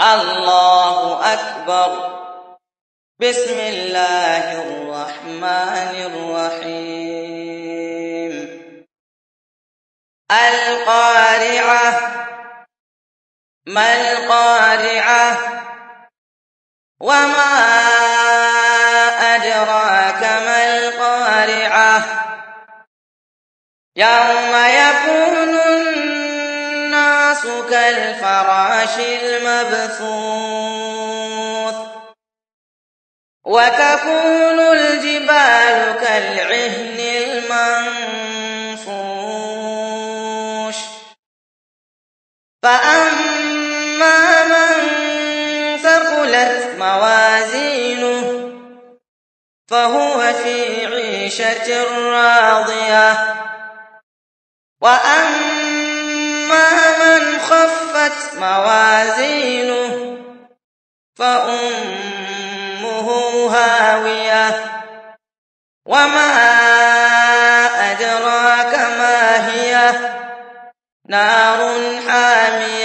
الله أكبر بسم الله الرحمن الرحيم القارعة ما القارعة وما أدراك ما القارعة يوم يبقى كالفراش المبثوث وتكون الجبال كالعهن المنفوش فأما من ثقلت موازينه فهو في عيشة راضية وأما ثقلت موازينه فأمه هاوية وما أدراك ما هي نار حامية